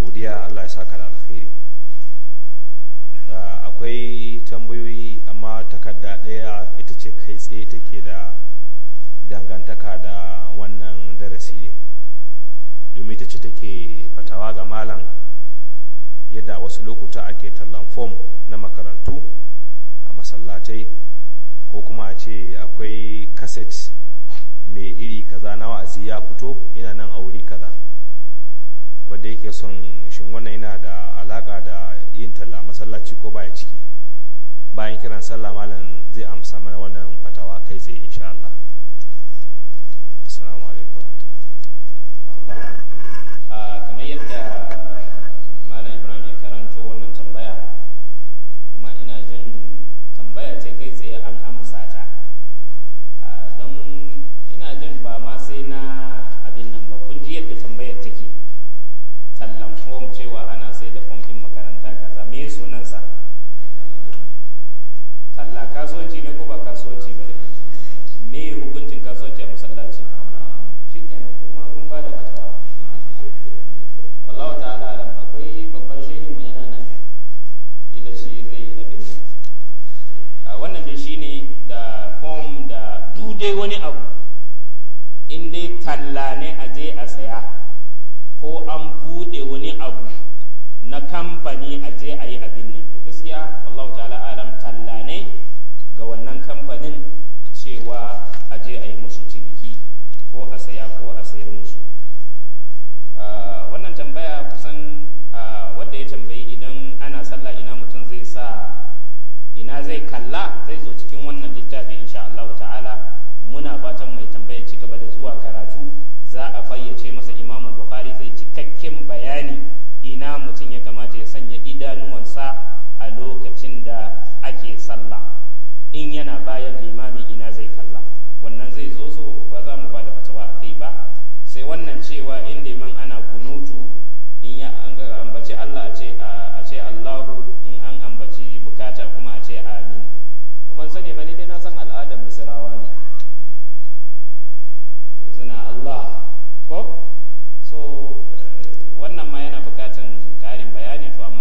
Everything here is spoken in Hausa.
godiya Allah ya saka da alkhairi ah, akwai tambayoyi amma takarda ɗaya ita ce kai tsaye take da dangantaka da wannan darasi ne domin ita ce take fatawa ga malam yadda wasu lokuta ake tallan fom na makarantu a masallatai ko kuma a ce akwai kaset mai iri kaza na wa'azi ya fito ina nan a wuri da yake son shin wannan yana da alaka da yin talla masallaci ko baya ciki bayan kiran sallah malam zai amsa mana wannan fatawa kai tsaye insha Allah fom cewa ana sai da fom ɗin makaranta kaza me sunansa talla kasuwanci ne ko ba kasuwanci ba ne me hukuncin kasuwanci a masallaci shi kenan kuma kun ba da fatawa wallahu ta'ala alam akwai babban shehin mu yana nan ila shi zai abin nan wannan dai shine da fom da dude wani abu in dai talla ne a je a saya ko an kamfani a je a yi abin nan to gaskiya Allah ta'ala alam talla ne ga wannan kamfanin cewa a je a yi musu ciniki ko a saya ko a sayar musu ah, wannan tambaya kusan ah, wadda ya tambayi idan ana sallah ina mutum zai sa ina zai kalla zai zo cikin wannan littafi insha Allah ta'ala muna fatan mai tambaya ci gaba da zuwa karatu za a fayyace masa imamu bukhari zai cikakken bayani ina mutum ya yana bayan limamin ina zai kalla wannan zai zo so ba za mu ba da fatawa a kai ba sai wannan cewa in liman ana kunutu in ya ambaci Allah a ce Allahu in an ambaci bukata kuma a ce amin ban sani ba ni dai na san al'adar misirawa ne suna Allah ko so eh, wannan ma yana bukatan ƙarin bayani to